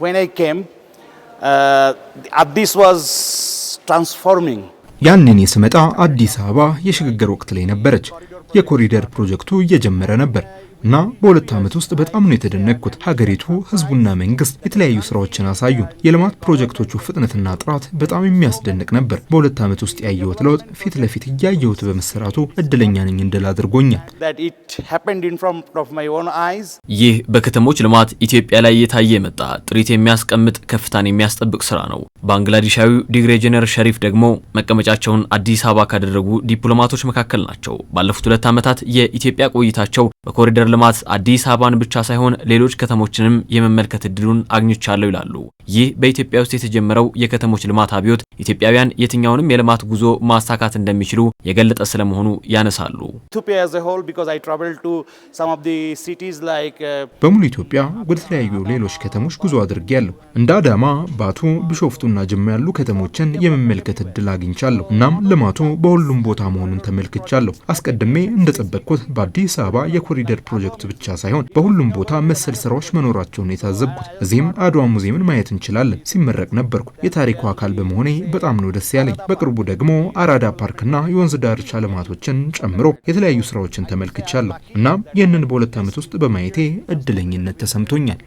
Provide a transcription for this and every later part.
Uh, uh, ያንን የስመጣ አዲስ አበባ የሽግግር ወቅት ላይ ነበረች። የኮሪደር ፕሮጀክቱ እየጀመረ ነበር። እና በሁለት ዓመት ውስጥ በጣም ነው የተደነቅኩት። ሀገሪቱ፣ ህዝቡና መንግስት የተለያዩ ስራዎችን አሳዩ። የልማት ፕሮጀክቶቹ ፍጥነትና ጥራት በጣም የሚያስደንቅ ነበር። በሁለት ዓመት ውስጥ ያየሁት ለውጥ ፊት ለፊት እያየሁት በመሰራቱ እድለኛ ነኝ እንድል አድርጎኛል። ይህ በከተሞች ልማት ኢትዮጵያ ላይ እየታየ የመጣ ጥሪት የሚያስቀምጥ ከፍታን የሚያስጠብቅ ስራ ነው። ባንግላዴሻዊው ዲግሬጀነር ሸሪፍ ደግሞ መቀመጫቸውን አዲስ አበባ ካደረጉ ዲፕሎማቶች መካከል ናቸው። ባለፉት ሁለት ዓመታት የኢትዮጵያ ቆይታቸው በኮሪደር ልማት አዲስ አበባን ብቻ ሳይሆን ሌሎች ከተሞችንም የመመልከት እድሉን አግኝቻለሁ ይላሉ። ይህ በኢትዮጵያ ውስጥ የተጀመረው የከተሞች ልማት አብዮት ኢትዮጵያውያን የትኛውንም የልማት ጉዞ ማሳካት እንደሚችሉ የገለጠ ስለመሆኑ ያነሳሉ። uh, በሙሉ ኢትዮጵያ ወደ ተለያዩ ሌሎች ከተሞች ጉዞ አድርጌያለሁ። እንደ አዳማ፣ ባቱ፣ ቢሾፍቱና ጅማ ያሉ ከተሞችን የመመልከት እድል አግኝቻለሁ። እናም ልማቱ በሁሉም ቦታ መሆኑን ተመልክቻለሁ። አስቀድሜ እንደጠበቅኩት በአዲስ አበባ የኮሪደር ፕሮጀክት ብቻ ሳይሆን በሁሉም ቦታ መሰል ስራዎች መኖራቸውን የታዘብኩት። እዚህም አድዋ ሙዚየምን ማየት እንችላለን። ሲመረቅ ነበርኩ። የታሪኩ አካል በመሆኔ በጣም ነው ደስ ያለኝ። በቅርቡ ደግሞ አራዳ ፓርክና የወንዝ ዳርቻ ልማቶችን ጨምሮ የተለያዩ ስራዎችን ተመልክቻለሁ። እናም ይህንን በሁለት ዓመት ውስጥ በማየቴ እድለኝነት ተሰምቶኛል።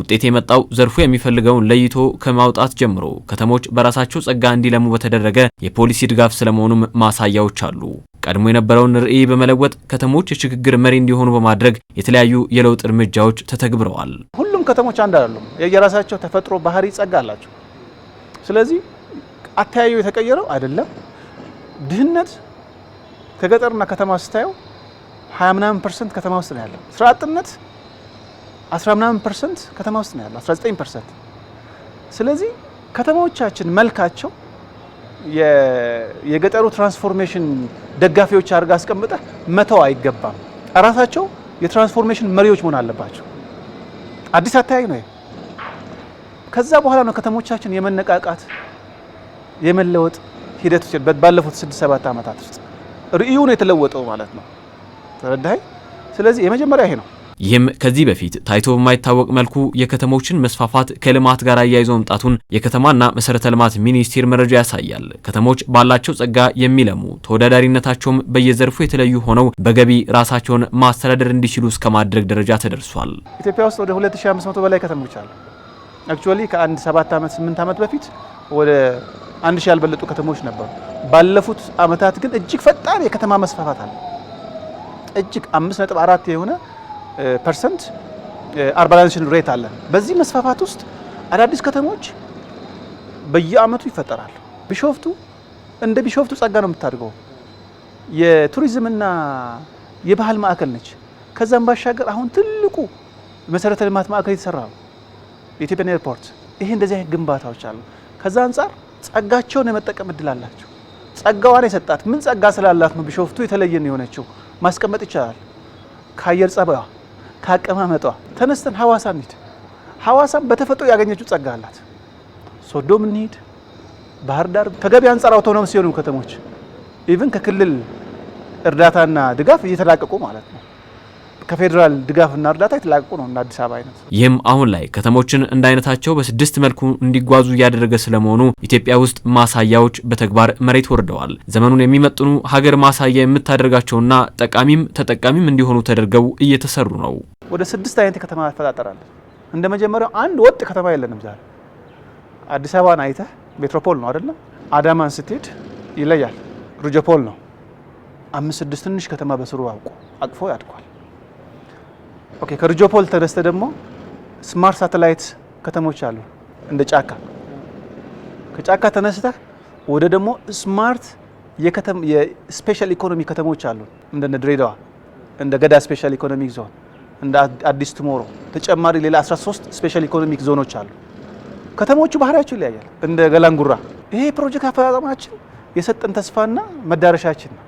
ውጤት የመጣው ዘርፉ የሚፈልገውን ለይቶ ከማውጣት ጀምሮ ከተሞች በራሳቸው ጸጋ እንዲለሙ በተደረገ የፖሊሲ ድጋፍ ስለመሆኑም ማሳያዎች አሉ። ቀድሞ የነበረውን ርዕይ በመለወጥ ከተሞች የሽግግር መሪ እንዲሆኑ በማድረግ የተለያዩ የለውጥ እርምጃዎች ተተግብረዋል። ሁሉም ከተሞች አንድ አይደሉም። የየራሳቸው ተፈጥሮ ባህሪ፣ ጸጋ አላቸው። ስለዚህ አተያዩ የተቀየረው አይደለም። ድህነት ከገጠርና ከተማ ስታየው ሀያ ምናምን ፐርሰንት ከተማ ውስጥ ነው ያለው። ስራ አጥነት ምናምን ፐርሰንት ከተማ ውስጥ ነው ያለው፣ 19 ፐርሰንት። ስለዚህ ከተማዎቻችን መልካቸው የገጠሩ ትራንስፎርሜሽን ደጋፊዎች አድርጋ አስቀምጠ መተው አይገባም። ራሳቸው የትራንስፎርሜሽን መሪዎች መሆን አለባቸው። አዲስ አተያይ ነው። ከዛ በኋላ ነው ከተሞቻችን የመነቃቃት የመለወጥ ሂደት ውስጥ ባለፉት ስድስት ሰባት ዓመታት ውስጥ ርእዩ ነው የተለወጠው ማለት ነው። ተረዳይ። ስለዚህ የመጀመሪያ ይሄ ነው። ይህም ከዚህ በፊት ታይቶ በማይታወቅ መልኩ የከተሞችን መስፋፋት ከልማት ጋር አያይዞ መምጣቱን የከተማና መሰረተ ልማት ሚኒስቴር መረጃ ያሳያል። ከተሞች ባላቸው ጸጋ የሚለሙ ተወዳዳሪነታቸውም በየዘርፉ የተለዩ ሆነው በገቢ ራሳቸውን ማስተዳደር እንዲችሉ እስከ ማድረግ ደረጃ ተደርሷል። ኢትዮጵያ ውስጥ ወደ 2500 በላይ ከተሞች አሉ። አክቹዋሊ ከአንድ ሰባት ዓመት ስምንት ዓመት በፊት ወደ አንድ ሺህ ያልበለጡ ከተሞች ነበሩ። ባለፉት ዓመታት ግን እጅግ ፈጣን የከተማ መስፋፋት አለ። እጅግ 5.4 የሆነ ፐርሰንት አርባናይዜሽን ሬት አለ። በዚህ መስፋፋት ውስጥ አዳዲስ ከተሞች በየአመቱ ይፈጠራል። ቢሾፍቱ እንደ ቢሾፍቱ ጸጋ ነው የምታድገው። የቱሪዝምና የባህል ማዕከል ነች። ከዛም ባሻገር አሁን ትልቁ መሰረተ ልማት ማዕከል የተሰራ ነው የኢትዮጵያን ኤርፖርት። ይሄ እንደዚህ አይነት ግንባታዎች አሉ። ከዛ አንጻር ጸጋቸውን የመጠቀም እድል አላቸው። ጸጋዋን የሰጣት ምን ጸጋ ስላላት ነው ቢሾፍቱ የተለየ የሆነችው? ማስቀመጥ ይቻላል ከአየር ጸባይዋ ከአቀማመጧ ተነስተን ሐዋሳ እንሂድ። ሐዋሳም በተፈጥሮ ያገኘችው ጸጋ አላት። ሶዶም እንሂድ፣ ባህር ዳር ከገቢ አንጻር አውቶኖም ሲሆኑ ከተሞች ኢቭን ከክልል እርዳታና ድጋፍ እየተላቀቁ ማለት ነው። ከፌዴራል ድጋፍና እርዳታ የተላቀቁ ነው እንደ አዲስ አበባ አይነት። ይህም አሁን ላይ ከተሞችን እንደ አይነታቸው በስድስት መልኩ እንዲጓዙ እያደረገ ስለመሆኑ ኢትዮጵያ ውስጥ ማሳያዎች በተግባር መሬት ወርደዋል። ዘመኑን የሚመጥኑ ሀገር ማሳያ የምታደርጋቸውና ጠቃሚም ተጠቃሚም እንዲሆኑ ተደርገው እየተሰሩ ነው። ወደ ስድስት አይነት የከተማ አፈጣጠር እንደ መጀመሪያው አንድ ወጥ ከተማ የለንም ዛሬ። አዲስ አበባን አይተህ ሜትሮፖል ነው አይደለም። አዳማን ስትሄድ ይለያል፣ ሩጀፖል ነው። አምስት ስድስት ትንሽ ከተማ በስሩ አውቁ አቅፎ ያድጓል። ኦኬ ከርጆፖል ተነስተ ደግሞ ስማርት ሳተላይት ከተሞች አሉ እንደ ጫካ። ከጫካ ተነስተ ወደ ደግሞ ስማርት የስፔሻል ኢኮኖሚ ከተሞች አሉ እንደ ድሬዳዋ፣ እንደ ገዳ ስፔሻል ኢኮኖሚክ ዞን፣ እንደ አዲስ ቱሞሮ ተጨማሪ ሌላ 13 ስፔሻል ኢኮኖሚክ ዞኖች አሉ። ከተሞቹ ባህሪያቸው ይለያያል። እንደ ገላንጉራ ይሄ ፕሮጀክት አፈጻጸማችን የሰጠን ተስፋና መዳረሻችን ነው።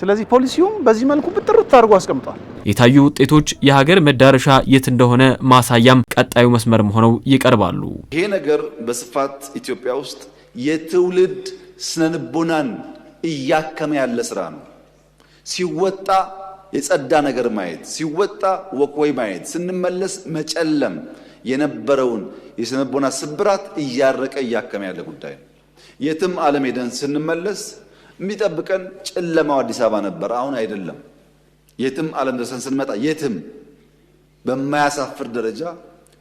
ስለዚህ ፖሊሲውም በዚህ መልኩ ብጥርት አድርጎ አስቀምጧል። የታዩ ውጤቶች የሀገር መዳረሻ የት እንደሆነ ማሳያም ቀጣዩ መስመርም ሆነው ይቀርባሉ። ይሄ ነገር በስፋት ኢትዮጵያ ውስጥ የትውልድ ስነልቦናን እያከመ ያለ ስራ ነው። ሲወጣ የጸዳ ነገር ማየት፣ ሲወጣ ወክወይ ማየት፣ ስንመለስ መጨለም የነበረውን የስነንቦና ስብራት እያረቀ እያከመ ያለ ጉዳይ ነው። የትም ዓለም ሄደን ስንመለስ የሚጠብቀን ጨለማው አዲስ አበባ ነበር። አሁን አይደለም። የትም ዓለም ደርሰን ስንመጣ የትም በማያሳፍር ደረጃ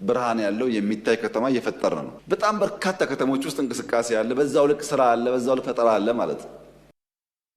ብርሃን ያለው የሚታይ ከተማ እየፈጠረ ነው። በጣም በርካታ ከተሞች ውስጥ እንቅስቃሴ አለ። በዛው ልክ ስራ አለ። በዛው ልክ ፈጠራ አለ ማለት ነው።